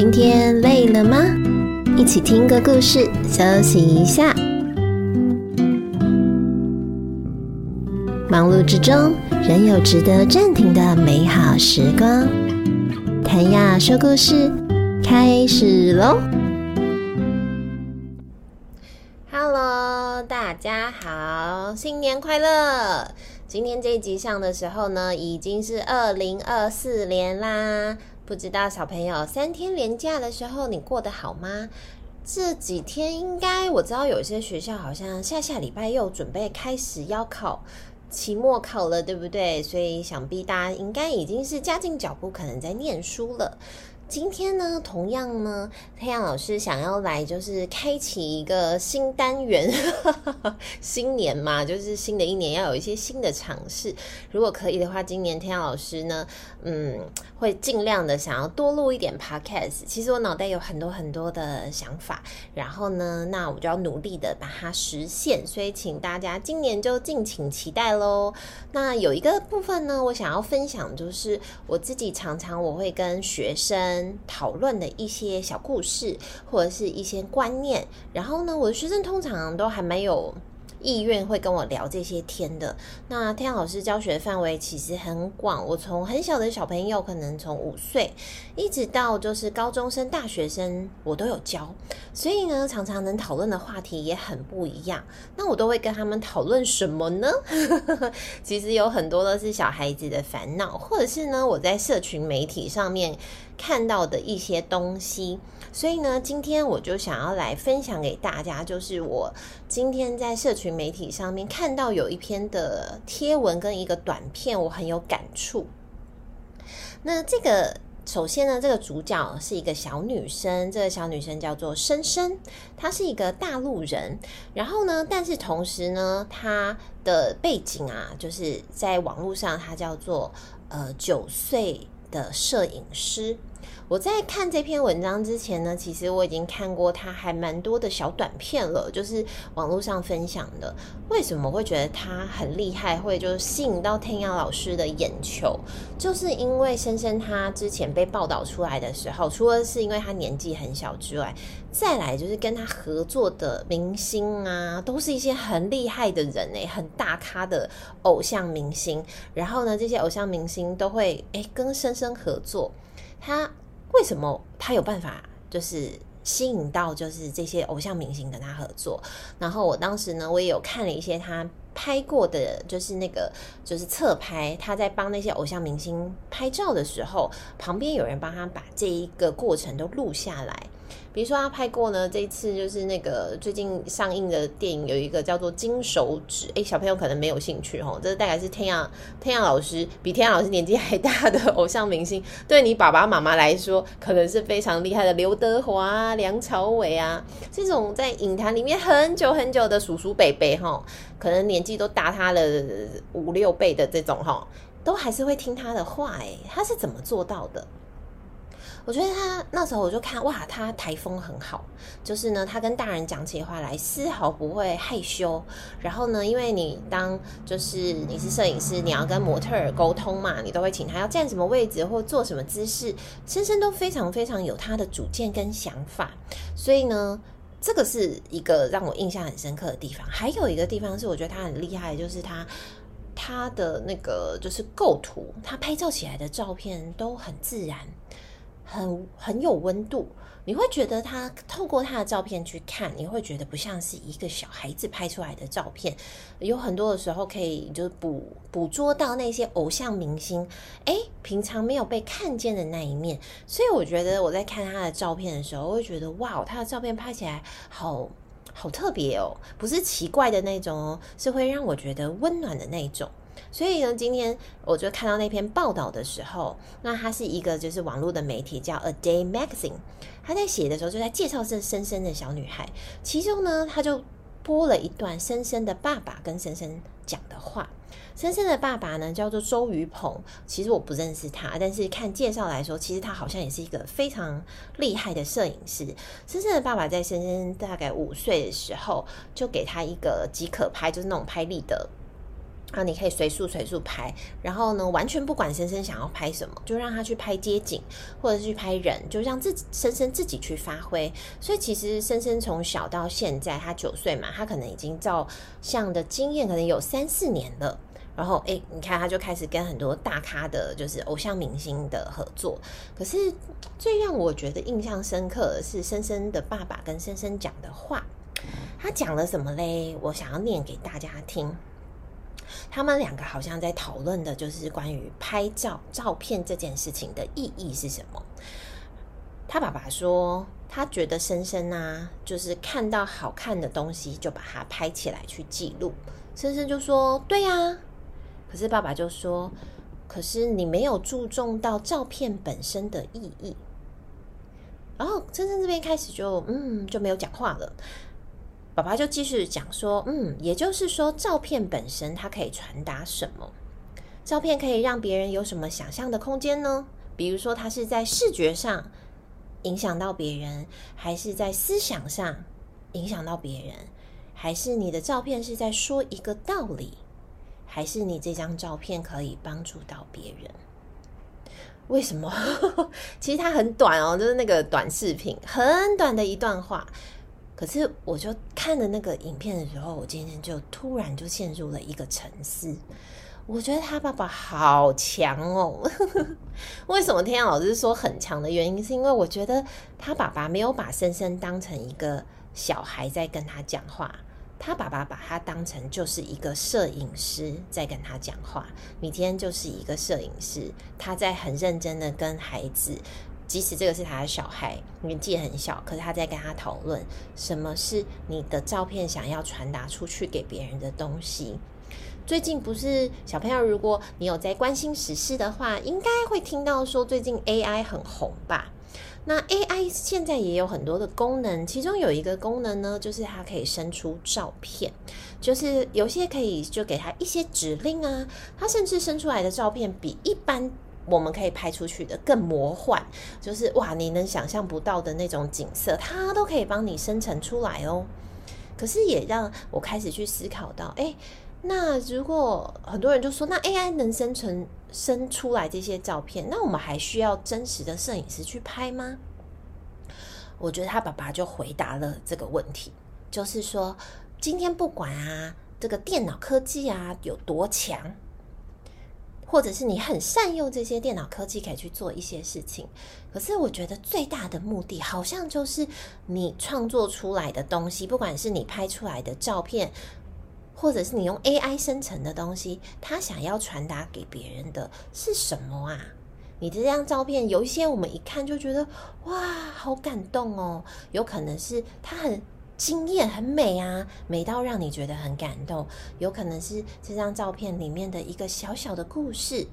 今天累了嗎？一起聽個故事，休息一下。忙碌之中，仍有值得暫停的美好時光。彈雅說故事，開始嘍！Hello，大家好，新年快樂！今天這一集上的時候呢，已經是二零二四年啦。不知道小朋友三天連假的時候，你過得好嗎？這幾天應該我知道有些學校好像下下禮拜又準備開始要考期末考了，對不對？所以想必大家應該已經是加緊腳步，可能在念書了。今天呢，同樣呢，彈雅老師想要來就是開啟一個新單元，哈哈哈，新年嘛，就是新的一年要有一些新的嘗試。如果可以的話，今年彈雅老師呢，嗯，會盡量的想要多錄一點 podcast。其實我腦袋有很多很多的想法，然後呢，那我就要努力的把它實現。所以請大家今年就敬請期待嘍。那有一個部分呢，我想要分享，就是我自己常常我會跟學生。討論的一些小故事，或者是一些觀念。然後呢，我的學生通常都還蠻有意願會跟我聊這些天的。那彈雅老師教學範圍其實很廣，我從很小的小朋友，可能從五歲，一直到就是高中生、大學生，我都有教。所以呢，常常能討論的話題也很不一樣。那我都會跟他們討論什麼呢？ 其實有很多都是小孩子的煩惱，或者是呢，我在社群媒體上面。看到的一些東西，所以呢，今天我就想要來分享給大家，就是我今天在社群媒體上面看到有一篇的貼文跟一個短片，我很有感觸。那這個首先呢，這個主角是一個小女生，這個小女生叫做深深，她是一個大陸人，然後呢，但是同時呢，她的背景啊，就是在網絡上她叫做呃九歲的攝影師。我在看這篇文章之前呢，其實我已經看過他還蠻多的小短片了，就是網絡上分享的。為什麼會覺得他很厲害，會就是吸引到彈雅老師的眼球？就是因為笙笙他之前被報道出來的時候，除了是因為他年紀很小之外，再來就是跟他合作的明星啊，都是一些很厲害的人誒、欸，很大咖的偶像明星。然後呢，這些偶像明星都會誒、欸、跟笙笙合作。他為什麼他有辦法就是吸引到就是這些偶像明星跟他合作？然後我當時呢，我也有看了一些他拍過的，就是那個就是側拍，他在幫那些偶像明星拍照的時候，旁邊有人幫他把這一個過程都錄下來。比如說，他拍過呢。這一次就是那個最近上映的電影，有一個叫做《金手指》。誒，小朋友可能沒有興趣哦，這大概是彈雅彈雅老師比彈雅老師年紀還大的偶像明星。對你爸爸媽媽來說，可能是非常厲害的劉德華、梁朝偉啊這種在影壇裡面很久很久的叔叔伯伯哈，可能年紀都大他了五六倍的這種哈，都還是會聽他的話誒，他是怎麼做到的？我覺得他那時候我就看哇，他台風很好。就是呢，他跟大人講起話來絲毫不會害羞。然後呢，因為你當就是你是攝影師，你要跟模特兒溝通嘛，你都會請他要站什麼位置或做什麼姿勢，笙笙都非常非常有他的主見跟想法。所以呢，這個是一個讓我印象很深刻的地方。還有一個地方是，我覺得他很厲害，就是他他的那個就是構圖，他拍照起來的照片都很自然。很很有溫度，你會覺得他透過他的照片去看，你會覺得不像是一個小孩子拍出來的照片。有很多的時候可以就是捕捕捉到那些偶像明星，哎，平常沒有被看見的那一面。所以我覺得我在看他的照片的時候，我會覺得哇哦，他的照片拍起來好好特別哦，不是奇怪的那種哦，是會讓我覺得溫暖的那種。所以呢，今天我就看到那篇報道的時候，那它是一個就是網絡的媒體叫《A Day Magazine》，他在寫的時候就在介紹這笙笙的小女孩，其中呢，他就播了一段笙笙的爸爸跟笙笙講的話。笙笙的爸爸呢叫做周雨鵬，其實我不認識他，但是看介紹來說，其實他好像也是一個非常厲害的攝影師。笙笙的爸爸在笙笙大概五歲的時候，就給他一個即可拍，就是那種拍立得。啊，你可以隨處隨處拍，然後呢，完全不管笙笙想要拍什麼，就讓他去拍街景，或者是去拍人，就讓自己笙笙自己去發揮。所以其實笙笙從小到現在，他九歲嘛，他可能已經照相的經驗可能有三四年了。然後哎、欸，你看他就開始跟很多大咖的，就是偶像明星的合作。可是最讓我覺得印象深刻的是笙笙的爸爸跟笙笙講的話，他講了什麼嘞？我想要念給大家聽。他們兩個好像在討論的，就是關於拍照、照片這件事情的意義是什麼。他爸爸說，他覺得笙笙啊，就是看到好看的東西就把它拍起來去記錄。笙笙就說：“對呀。”可是爸爸就說：“可是你沒有注重到照片本身的意義。”然後笙笙這邊開始就嗯就沒有講話了。爸爸就繼續講說：“嗯，也就是說，照片本身它可以傳達什麼？照片可以讓別人有什麼想象的空間呢？比如說，它是在視覺上影響到別人，還是在思想上影響到別人？還是你的照片是在說一個道理？還是你這張照片可以幫助到別人？為什麼？ 其實它很短哦、喔，就是那個短視頻，很短的一段話。”可是，我就看了那個影片的時候，我今天就突然就陷入了一個沉思。我覺得他爸爸好強哦、喔。 為什麼彈雅老師說很強的原因，是因為我覺得他爸爸沒有把笙笙當成一個小孩在跟他講話，他爸爸把他當成就是一個攝影師在跟他講話。明天就是一個攝影師，他在很認真的跟孩子。即使這個是他的小孩，年紀很小，可是他在跟他討論什麼是你的照片想要傳達出去給別人的東西。最近不是小朋友，如果你有在關心時事的話，應該會聽到說最近 AI 很紅吧？那 AI 現在也有很多的功能，其中有一個功能呢，就是它可以生出照片，就是有些可以就給他一些指令啊，他甚至生出來的照片比一般。我們可以拍出去的更魔幻，就是哇，你能想象不到的那種景色，它都可以幫你生成出來哦。可是也讓我開始去思考到，哎、欸，那如果很多人就說，那 AI 能生成生出來這些照片，那我們還需要真實的攝影師去拍嗎？我覺得他爸爸就回答了這個問題，就是說，今天不管啊，這個電腦科技啊有多強。或者是你很善用這些電腦科技，可以去做一些事情。可是我覺得最大的目的，好像就是你創作出來的東西，不管是你拍出來的照片，或者是你用 AI 生成的東西，它想要傳達給別人的是什麼啊？你這張照片，有一些我們一看就覺得哇，好感動哦。有可能是它很。驚艷很美啊，美到讓你覺得很感動。有可能是這張照片裡面的一個小小的故事，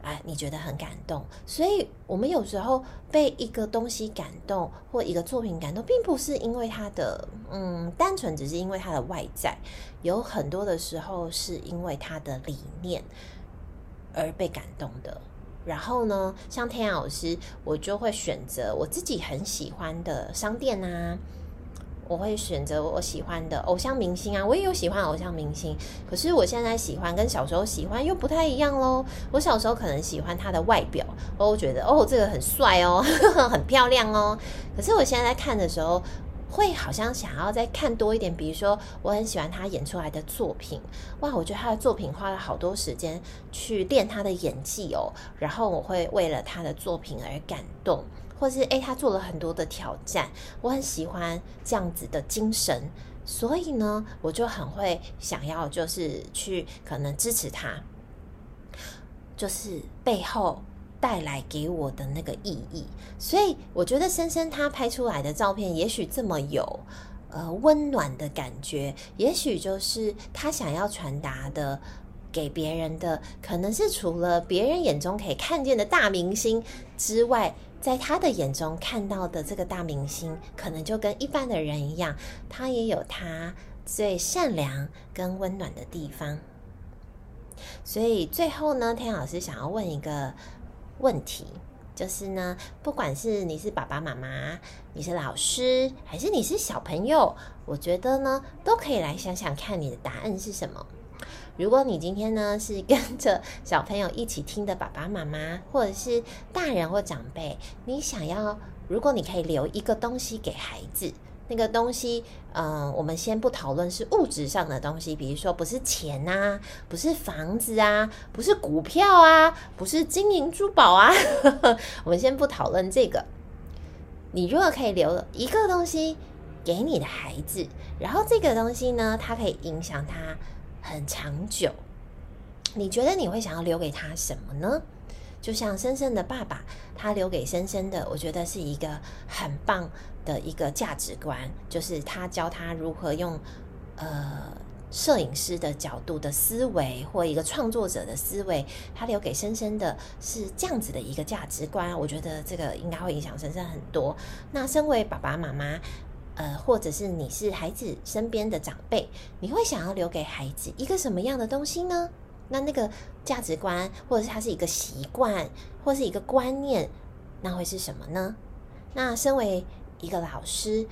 哎、啊，你覺得很感動。所以，我們有時候被一個東西感動，或一個作品感動，並不是因為它的嗯單純，只是因為它的外在。有很多的時候，是因為它的理念而被感動的。然後呢，像彈雅老師，我就會選擇我自己很喜歡的商店啊。我會選擇我喜歡的偶像明星啊，我也有喜歡偶像明星。可是我現在喜歡跟小時候喜歡又不太一樣嘍。我小時候可能喜歡他的外表，我覺得哦，這個很帥哦，呵呵，很漂亮哦。可是我現在在看的時候，會好像想要再看多一點。比如說，我很喜歡他演出來的作品，哇，我覺得他的作品花了好多時間去練他的演技哦，然後我會為了他的作品而感動。或是誒、欸，他做了很多的挑戰，我很喜歡這樣子的精神，所以呢，我就很會想要就是去可能支持他，就是背後帶來給我的那個意義。所以我覺得，笙笙他拍出來的照片，也許這麼有呃溫暖的感覺，也許就是他想要傳達的給別人的，可能是除了別人眼中可以看見的大明星之外。在他的眼中看到的這個大明星，可能就跟一般的人一樣，他也有他最善良跟溫暖的地方。所以最後呢，彈雅老師想要問一個問題，就是呢，不管是你是爸爸媽媽，你是老師，還是你是小朋友，我覺得呢，都可以來想想看，你的答案是什麼？如果你今天呢是跟着小朋友一起聽的爸爸媽媽，或者是大人或長輩，你想要，如果你可以留一個東西給孩子，那個東西，嗯、呃，我們先不討論是物質上的東西，比如說不是錢吶、啊，不是房子啊，不是股票啊，不是金銀珠寶啊呵呵，我們先不討論這個。你如果可以留一個東西給你的孩子，然後這個東西呢，它可以影響他。很長久，你覺得你會想要留給他什麼呢？就像笙笙的爸爸，他留給笙笙的，我覺得是一個很棒的一個價值觀，就是他教他如何用呃攝影師的角度的思維或一個創作者的思維，他留給笙笙的，是這樣子的一個價值觀，我覺得這個應該會影響笙笙很多。那身為爸爸媽媽。呃，或者是你是孩子身邊的長輩，你會想要留給孩子一個什麼樣的東西呢？那那個價值觀，或者是他是一個習慣，或是一個觀念，那會是什麼呢？那身為一個老師，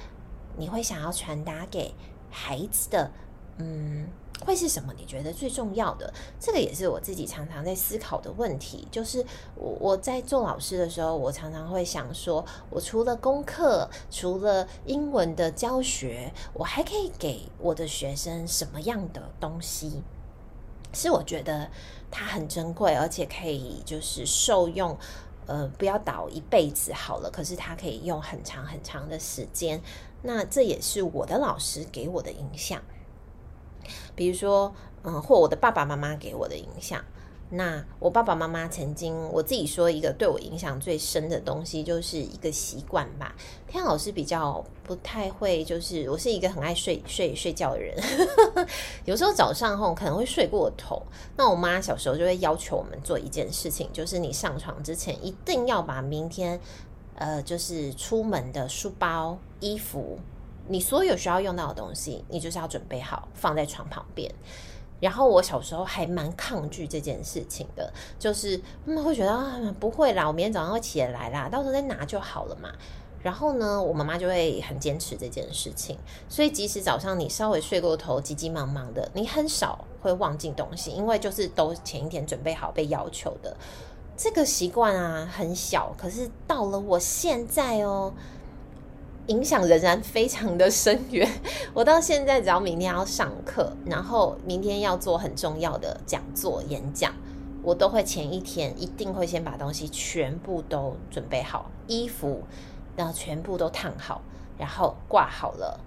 你會想要傳達給孩子的，嗯。會是什麼？你覺得最重要的？這個也是我自己常常在思考的問題。就是我我在做老師的時候，我常常會想說，我除了功課，除了英文的教學，我還可以給我的學生什麼樣的東西？是我覺得它很珍貴，而且可以就是受用。呃，不要倒一輩子好了，可是它可以用很長很長的時間。那這也是我的老師給我的影響。比如說，嗯，或我的爸爸媽媽給我的影響。那我爸爸媽媽曾經我自己說一個對我影響最深的東西，就是一個習慣吧。天老師比較不太會，就是我是一個很愛睡睡睡覺的人， 有時候早上吼可能會睡過頭。那我媽小時候就會要求我們做一件事情，就是你上床之前一定要把明天，呃，就是出門的書包、衣服。你所有需要用到的東西，你就是要準備好放在床旁邊。然後我小時候還蠻抗拒這件事情的，就是他們、嗯、會覺得、啊、不會啦，我明天早上會起來啦，到時候再拿就好了嘛。然後呢，我媽媽就會很堅持這件事情，所以即使早上你稍微睡過頭，急急忙忙的，你很少會忘記東西，因為就是都前一天準備好被要求的這個習慣啊，很小。可是到了我現在哦。影響仍然非常的深遠。我到現在，只要明天要上課，然後明天要做很重要的講座演講，我都會前一天一定會先把東西全部都準備好，衣服，然後全部都燙好，然後掛好了，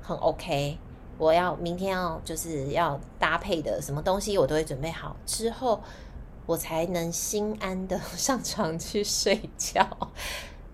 很 OK。我要明天要就是要搭配的什麼東西，我都會準備好之後，我才能心安的上床去睡覺。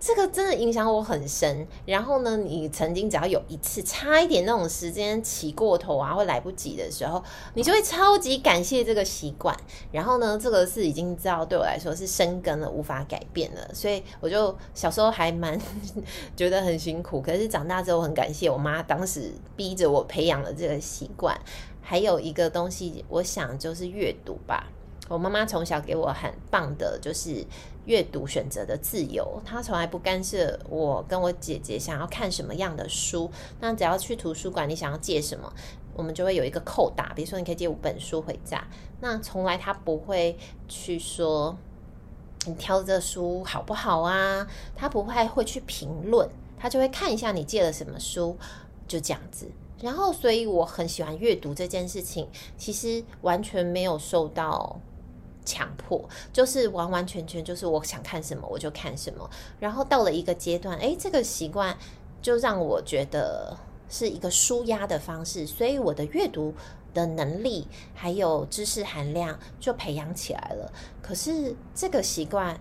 這個真的影響我很深，然後呢，你曾經，只要有一次差一點那種時間騎過頭啊，或來不及的時候，你就會超級感謝這個習慣。然後呢，這個是已經知道對我來說是生根了，無法改變了。所以我就小時候還蠻 覺得很辛苦，可是長大之後很感謝我媽當時逼着我培養了這個習慣。還有一個東西，我想就是閱讀吧。我媽媽從小給我很棒的，就是閱讀選擇的自由。她從來不干涉我跟我姐姐想要看什麼樣的書。那只要去圖書館，你想要借什麼，我們就會有一個扣打。比如說，你可以借五本書回家。那從來她不會去說你挑着書好不好啊？她不會會去評論，她就會看一下你借了什麼書，就這樣子。然後，所以我很喜歡閱讀這件事情，其實完全沒有受到。強迫，就是完完全全就是我想看什麼我就看什麼，然後到了一個階段，誒，這個習慣就讓我覺得是一個舒壓的方式，所以我的閱讀的能力還有知識含量就培養起來了。可是這個習慣。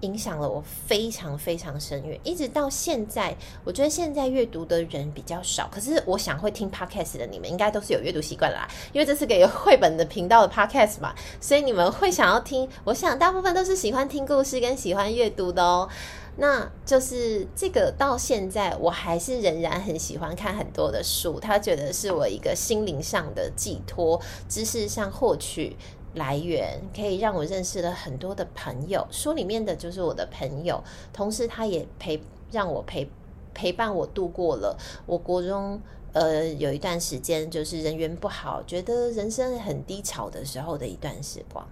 影響了我非常非常深遠，一直到現在，我覺得現在閱讀的人比較少，可是我想會聽 Podcast 的你們應該都是有閱讀習慣啦，因為這是給繪本的頻道的 Podcast 嘛，所以你們會想要聽，我想大部分都是喜歡聽故事跟喜歡閱讀的哦、喔。那就是這個到現在，我還是仍然很喜歡看很多的書，他覺得是我一個心靈上的寄托，知識上獲取。來源可以讓我認識了很多的朋友，書裡面的就是我的朋友，同時他也陪讓我陪陪伴我度過了我國中呃有一段時間就是人緣不好，覺得人生很低潮的時候的一段時光，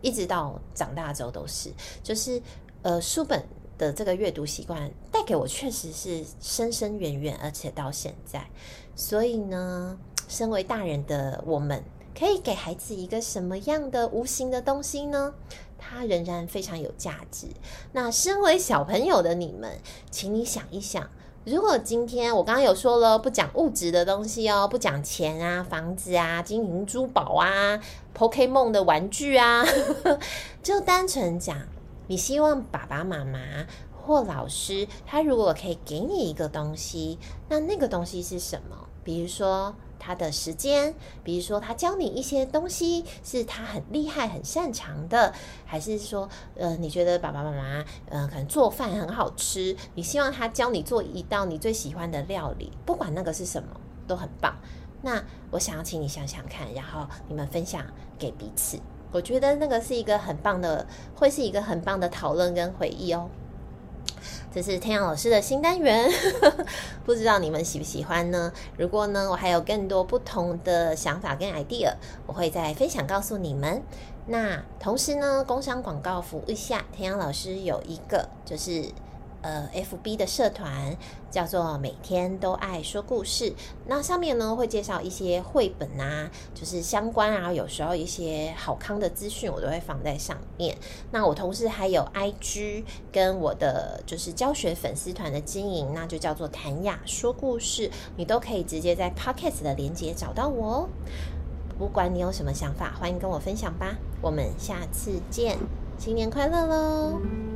一直到長大之後都是，就是呃書本的這個閱讀習慣帶給我確實是深深遠遠，而且到現在，所以呢，身為大人的我們。可以給孩子一個什麼樣的無形的東西呢？它仍然非常有價值。那身為小朋友的你們，請你想一想，如果今天我剛剛有說了，不講物質的東西哦、喔，不講錢啊、房子啊、金銀珠寶啊、Pokémon 的玩具啊， 就單純講，你希望爸爸媽媽或老師他如果可以給你一個東西，那那個東西是什麼？比如說。他的時間，比如說他教你一些東西是他很厲害、很擅長的，還是說，呃，你覺得爸爸媽媽，嗯、呃，可能做飯很好吃，你希望他教你做一道你最喜歡的料理，不管那個是什麼，都很棒。那我想要請你想想看，然後你們分享給彼此。我覺得那個是一個很棒的，會是一個很棒的討論跟回憶哦。這是彈雅老師的新單元呵呵，不知道你們喜不喜歡呢？如果呢，我還有更多不同的想法跟 idea，我會再分享告訴你們。那同時呢，工商廣告服務下，彈雅老師有一個就是。呃，F B 的社團叫做“每天都愛說故事”，那上面呢會介紹一些繪本啊，就是相關，啊。有時候一些好康的資訊，我都會放在上面。那我同時還有 I G 跟我的就是教學粉絲團的經營，那就叫做“彈雅說故事”，你都可以直接在 Podcast 的鏈接找到我哦。不管你有什麼想法，歡迎跟我分享吧。我們下次見，新年快樂嘍！